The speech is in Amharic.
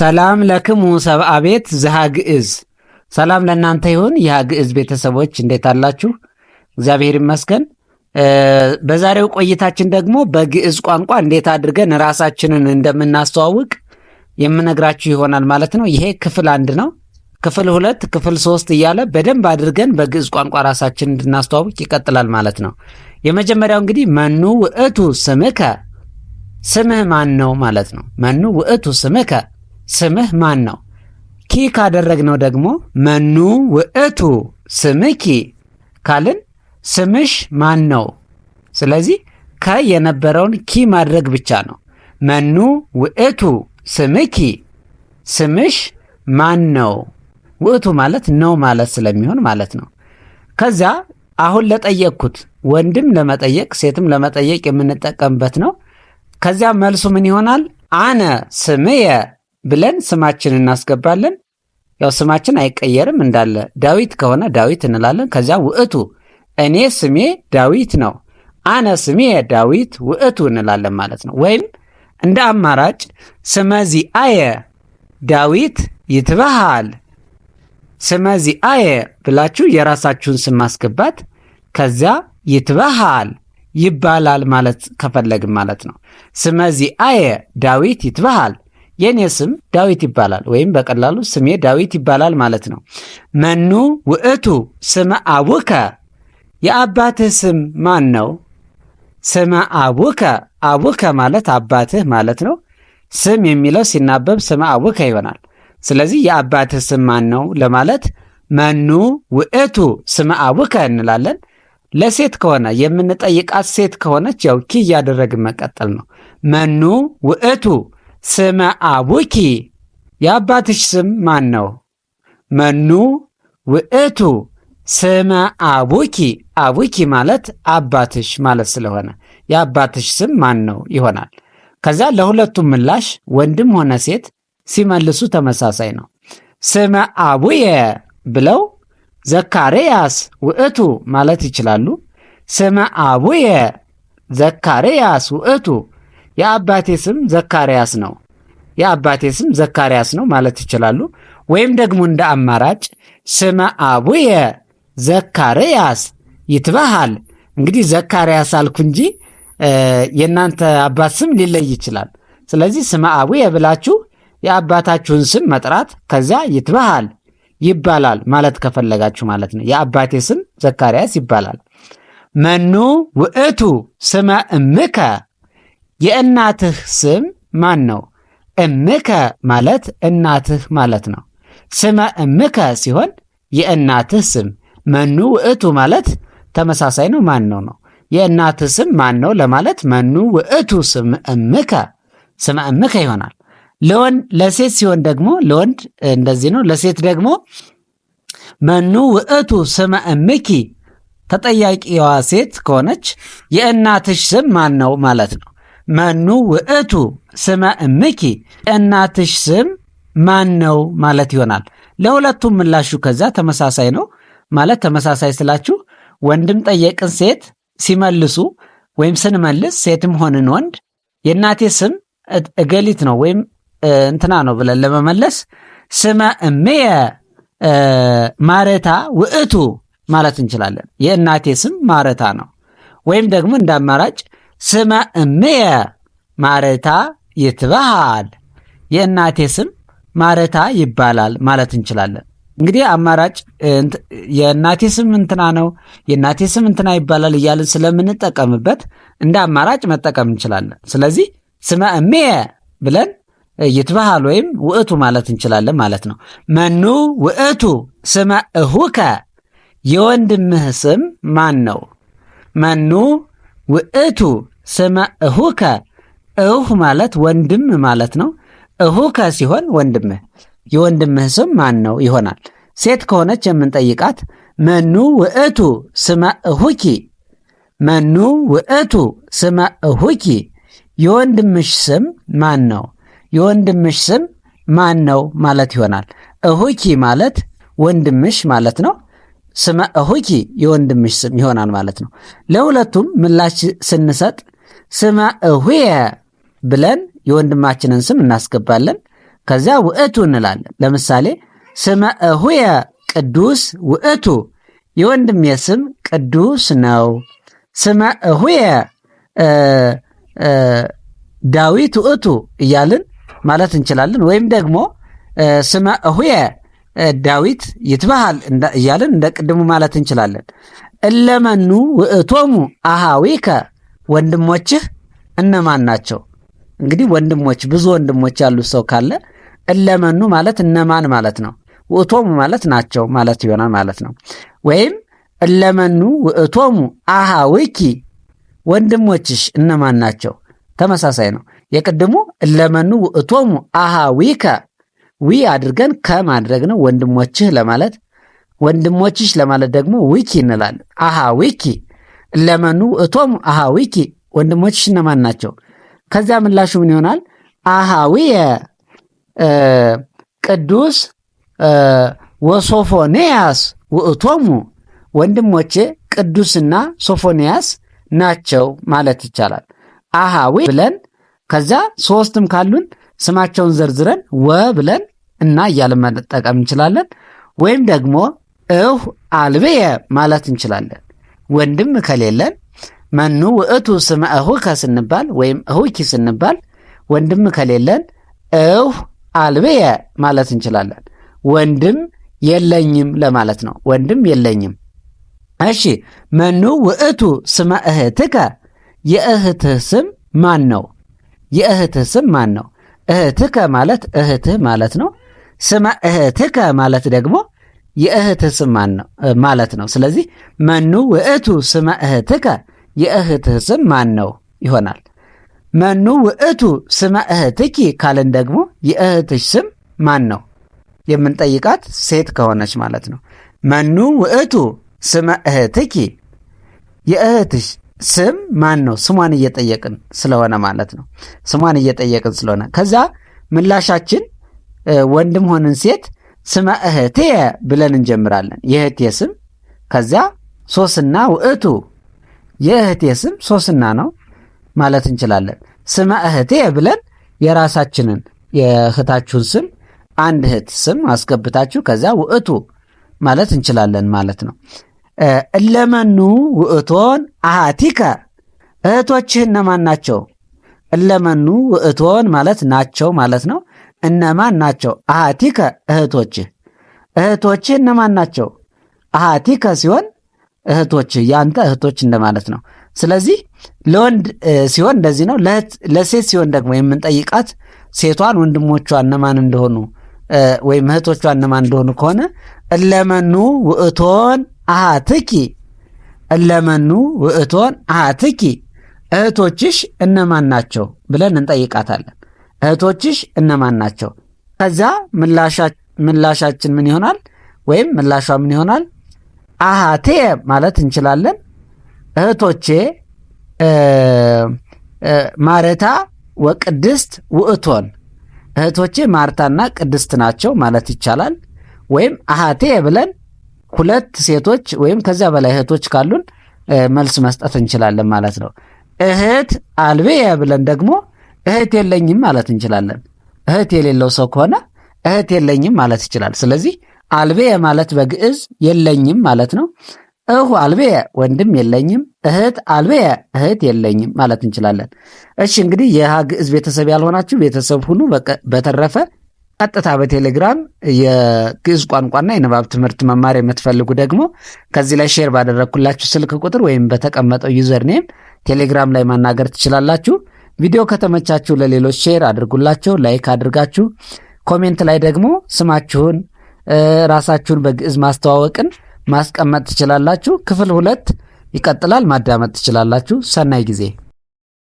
ሰላም ለክሙ ሰብአ ቤት ዝሃ ሰላም ለእናንተ ይሁን ይሃ ግዕዝ ቤተሰቦች እንዴት አላችሁ? እግዚአብሔር ይመስገን። በዛሬው ቆይታችን ደግሞ በግዕዝ ቋንቋ እንዴት አድርገን ራሳችንን እንደምናስተዋውቅ የምነግራችሁ ይሆናል ማለት ነው። ይሄ ክፍል አንድ ነው። ክፍል ሁለት፣ ክፍል ሶስት እያለ በደንብ አድርገን በግዕዝ ቋንቋ ራሳችን እንድናስተዋውቅ ይቀጥላል ማለት ነው። የመጀመሪያው እንግዲህ መኑ ውእቱ ስምከ፣ ስምህ ማን ነው ማለት ነው። መኑ ውእቱ ስምከ ስምህ ማን ነው? ኪ ካደረግነው ደግሞ መኑ ውእቱ ስምኪ ካልን ስምሽ ማን ነው? ስለዚህ ከ የነበረውን ኪ ማድረግ ብቻ ነው። መኑ ውእቱ ስምኪ፣ ስምሽ ማን ነው? ውእቱ ማለት ነው ማለት ስለሚሆን ማለት ነው። ከዚያ አሁን ለጠየቅኩት ወንድም ለመጠየቅ ሴትም ለመጠየቅ የምንጠቀምበት ነው። ከዚያ መልሱ ምን ይሆናል? አነ ስምየ ብለን ስማችን እናስገባለን። ያው ስማችን አይቀየርም እንዳለ ዳዊት ከሆነ ዳዊት እንላለን። ከዚያ ውዕቱ እኔ ስሜ ዳዊት ነው፣ አነ ስሜ ዳዊት ውዕቱ እንላለን ማለት ነው። ወይም እንደ አማራጭ አየ ዳዊት ይትበሃል አየ ብላችሁ የራሳችሁን ስም ማስገባት ከዚያ ይትበሃል ይባላል ማለት ከፈለግም ማለት ነው። አየ ዳዊት ይትበሃል የኔ ስም ዳዊት ይባላል ወይም በቀላሉ ስሜ ዳዊት ይባላል ማለት ነው። መኑ ውእቱ ስመ አቡከ የአባትህ ስም ማን ነው? ስመ አቡከ አቡከ ማለት አባትህ ማለት ነው። ስም የሚለው ሲናበብ ስመ አቡከ ይሆናል። ስለዚህ የአባትህ ስም ማን ነው ለማለት መኑ ውእቱ ስመ አቡከ እንላለን። ለሴት ከሆነ የምንጠይቃት ሴት ከሆነች ያው ኪ እያደረግን መቀጠል ነው። መኑ ውእቱ ስመ አቡኪ የአባትሽ ስም ማን ነው? መኑ ውእቱ ስመ አቡኪ አቡኪ ማለት አባትሽ ማለት ስለሆነ የአባትሽ ስም ማን ነው ይሆናል። ከዛ ለሁለቱም ምላሽ ወንድም ሆነ ሴት ሲመልሱ ተመሳሳይ ነው። ስመ አቡየ ብለው ዘካርያስ ውእቱ ማለት ይችላሉ። ስመ አቡየ ዘካርያስ ውእቱ የአባቴ ስም ዘካርያስ ነው የአባቴ ስም ዘካርያስ ነው ማለት ይችላሉ። ወይም ደግሞ እንደ አማራጭ ስመ አቡየ ዘካርያስ ይትበሃል። እንግዲህ ዘካርያስ አልኩ እንጂ የእናንተ አባት ስም ሊለይ ይችላል። ስለዚህ ስመ አቡየ ብላችሁ የአባታችሁን ስም መጥራት ከዚያ ይትበሃል ይባላል ማለት ከፈለጋችሁ ማለት ነው። የአባቴ ስም ዘካርያስ ይባላል። መኑ ውእቱ ስመ እምከ የእናትህ ስም ማን ነው? እምከ ማለት እናትህ ማለት ነው። ስመ እምከ ሲሆን የእናትህ ስም። መኑ ውእቱ ማለት ተመሳሳይ ነው። ማን ነው ነው የእናትህ ስም ማን ነው ለማለት መኑ ውእቱ ስም እምከ ስመ እምከ ይሆናል። ለወንድ ለሴት ሲሆን ደግሞ ለወንድ እንደዚህ ነው። ለሴት ደግሞ መኑ ውእቱ ስመ እምኪ ተጠያቂዋ ሴት ከሆነች የእናትሽ ስም ማን ነው ማለት ነው። መኑ ውእቱ ስመ እምኪ የእናትሽ ስም ማን ነው ማለት ይሆናል። ለሁለቱም ምላሹ ከዛ ተመሳሳይ ነው። ማለት ተመሳሳይ ስላችሁ ወንድም ጠየቅን ሴት ሲመልሱ ወይም ስንመልስ ሴትም ሆንን ወንድ የእናቴ ስም እገሊት ነው ወይም እንትና ነው ብለን ለመመለስ ስመ እምየ ማረታ ውእቱ ማለት እንችላለን። የእናቴ ስም ማረታ ነው። ወይም ደግሞ እንደ አማራጭ ስመ እምየ ማረታ ይትበሃል። የእናቴ ስም ማረታ ይባላል ማለት እንችላለን። እንግዲህ አማራጭ የእናቴ ስም እንትና ነው፣ የእናቴ ስም እንትና ይባላል እያልን ስለምንጠቀምበት እንደ አማራጭ መጠቀም እንችላለን። ስለዚህ ስመ እምየ ብለን ይትበሃል ወይም ውእቱ ማለት እንችላለን ማለት ነው። መኑ ውእቱ ስመ እሁከ፣ የወንድምህ ስም ማን ነው? መኑ ውእቱ ስመ እሁከ እሁ ማለት ወንድም ማለት ነው። እሁከ ሲሆን ወንድምህ የወንድምህ ስም ማን ነው ይሆናል። ሴት ከሆነች የምንጠይቃት መኑ ውእቱ ስመ እሁኪ፣ መኑ ውእቱ ስመ እሁኪ፣ የወንድምሽ ስም ማን ነው፣ የወንድምሽ ስም ማን ነው ማለት ይሆናል። እሁኪ ማለት ወንድምሽ ማለት ነው። ስመ እሁኪ የወንድምሽ ስም ይሆናል ማለት ነው። ለሁለቱም ምላሽ ስንሰጥ ስመ እሁየ ብለን የወንድማችንን ስም እናስገባለን። ከዚያ ውእቱ እንላለን። ለምሳሌ ስመ እሁየ ቅዱስ ውእቱ፣ የወንድሜ ስም ቅዱስ ነው። ስመ እሁየ ዳዊት ውእቱ እያልን ማለት እንችላለን። ወይም ደግሞ ስመ እሁየ ዳዊት ይትበሃል እያለን እንደ ቅድሙ ማለት እንችላለን። እለመኑ ውእቶሙ አሃዊከ ወንድሞችህ እነማን ናቸው? እንግዲህ ወንድሞች ብዙ ወንድሞች ያሉት ሰው ካለ እለመኑ ማለት እነማን ማለት ነው። ውእቶሙ ማለት ናቸው ማለት ይሆናል ማለት ነው። ወይም እለመኑ ውእቶሙ አሃዊኪ ወንድሞችሽ እነማን ናቸው? ተመሳሳይ ነው። የቅድሙ እለመኑ ውእቶሙ አሃዊከ ዊ አድርገን ከማድረግ ነው። ወንድሞችህ ለማለት ወንድሞችሽ ለማለት ደግሞ ዊኪ እንላለን። አሃ ዊኪ ለመኑ እቶም አሃ ዊኪ ወንድሞችሽ እነማን ናቸው? ከዚያ ምላሹ ምን ይሆናል? አሃዊ ቅዱስ ወሶፎንያስ ውእቶሙ ወንድሞቼ ቅዱስና ሶፎንያስ ናቸው ማለት ይቻላል። አሃዊ ብለን ከዛ ሶስትም ካሉን ስማቸውን ዘርዝረን ወ ብለን እና እያለን መጠቀም እንችላለን። ወይም ደግሞ እሁ አልብየ ማለት እንችላለን። ወንድም ከሌለን መኑ ውእቱ ስመ እሁከ ስንባል ወይም እሁኪ ስንባል ወንድም ከሌለን እሁ አልብየ ማለት እንችላለን። ወንድም የለኝም ለማለት ነው። ወንድም የለኝም። እሺ መኑ ውእቱ ስመ እህትከ የእህትህ ስም ማን ነው? የእህትህ ስም ማን ነው? እህትከ ማለት እህትህ ማለት ነው። ስማ እህትከ ማለት ደግሞ የእህትህ ስም ማለት ነው። ስለዚህ መኑ ውእቱ ስመ እህትከ የእህትህ ስም ማን ነው ይሆናል። መኑ ውእቱ ስመ እህትኪ ካልን ደግሞ የእህትሽ ስም ማን ነው የምንጠይቃት ሴት ከሆነች ማለት ነው። መኑ ውእቱ ስመ እህትኪ የእህትሽ ስም ማን ነው? ስሟን እየጠየቅን ስለሆነ ማለት ነው። ስሟን እየጠየቅን ስለሆነ ከዛ ምላሻችን ወንድም ሆንን ሴት ስመ እህቴ ብለን እንጀምራለን። የእህቴ ስም ከዚያ ሶስና ውእቱ የእህቴ ስም ሶስና ነው ማለት እንችላለን። ስመ እህቴ ብለን የራሳችንን የእህታችሁን ስም አንድ እህት ስም አስገብታችሁ ከዚያ ውእቱ ማለት እንችላለን ማለት ነው። እለመኑ ውእቶን አሃቲከ እህቶችህ እነማን ናቸው? እለመኑ ውእቶን ማለት ናቸው ማለት ነው። እነማን ናቸው? አሃቲከ እህቶችህ። እህቶችህ እነማን ናቸው? አሃቲከ ሲሆን እህቶችህ ያንተ እህቶች እንደማለት ነው። ስለዚህ ለወንድ ሲሆን እንደዚህ ነው። ለሴት ሲሆን ደግሞ የምንጠይቃት ሴቷን ወንድሞቿ እነማን እንደሆኑ ወይም እህቶቿ እነማን እንደሆኑ ከሆነ እለመኑ ውእቶን አሃትኪ እለመኑ ውእቶን አሃትኪ እህቶችሽ እነማን ናቸው ብለን እንጠይቃታለን። እህቶችሽ እነማን ናቸው? ከዛ ምላሻችን ምን ይሆናል? ወይም ምላሿ ምን ይሆናል? አሃቴ ማለት እንችላለን። እህቶቼ ማረታ ወቅድስት ውእቶን፣ እህቶቼ ማርታና ቅድስት ናቸው ማለት ይቻላል። ወይም አሃቴ ብለን ሁለት ሴቶች ወይም ከዚያ በላይ እህቶች ካሉን መልስ መስጠት እንችላለን ማለት ነው። እህት አልቤ ብለን ደግሞ እህት የለኝም ማለት እንችላለን። እህት የሌለው ሰው ከሆነ እህት የለኝም ማለት ይችላል። ስለዚህ አልቤ ማለት በግዕዝ የለኝም ማለት ነው። እሁ አልቤ ወንድም የለኝም፣ እህት አልቤ እህት የለኝም ማለት እንችላለን። እሺ እንግዲህ የሃ ግዕዝ ቤተሰብ ያልሆናችሁ ቤተሰብ ሁኑ። በተረፈ ቀጥታ በቴሌግራም የግዕዝ ቋንቋና የንባብ ትምህርት መማር የምትፈልጉ ደግሞ ከዚህ ላይ ሼር ባደረግኩላችሁ ስልክ ቁጥር ወይም በተቀመጠው ዩዘር ኔም ቴሌግራም ላይ ማናገር ትችላላችሁ። ቪዲዮ ከተመቻችሁ ለሌሎች ሼር አድርጉላቸው፣ ላይክ አድርጋችሁ ኮሜንት ላይ ደግሞ ስማችሁን ራሳችሁን በግዕዝ ማስተዋወቅን ማስቀመጥ ትችላላችሁ። ክፍል ሁለት ይቀጥላል። ማዳመጥ ትችላላችሁ። ሰናይ ጊዜ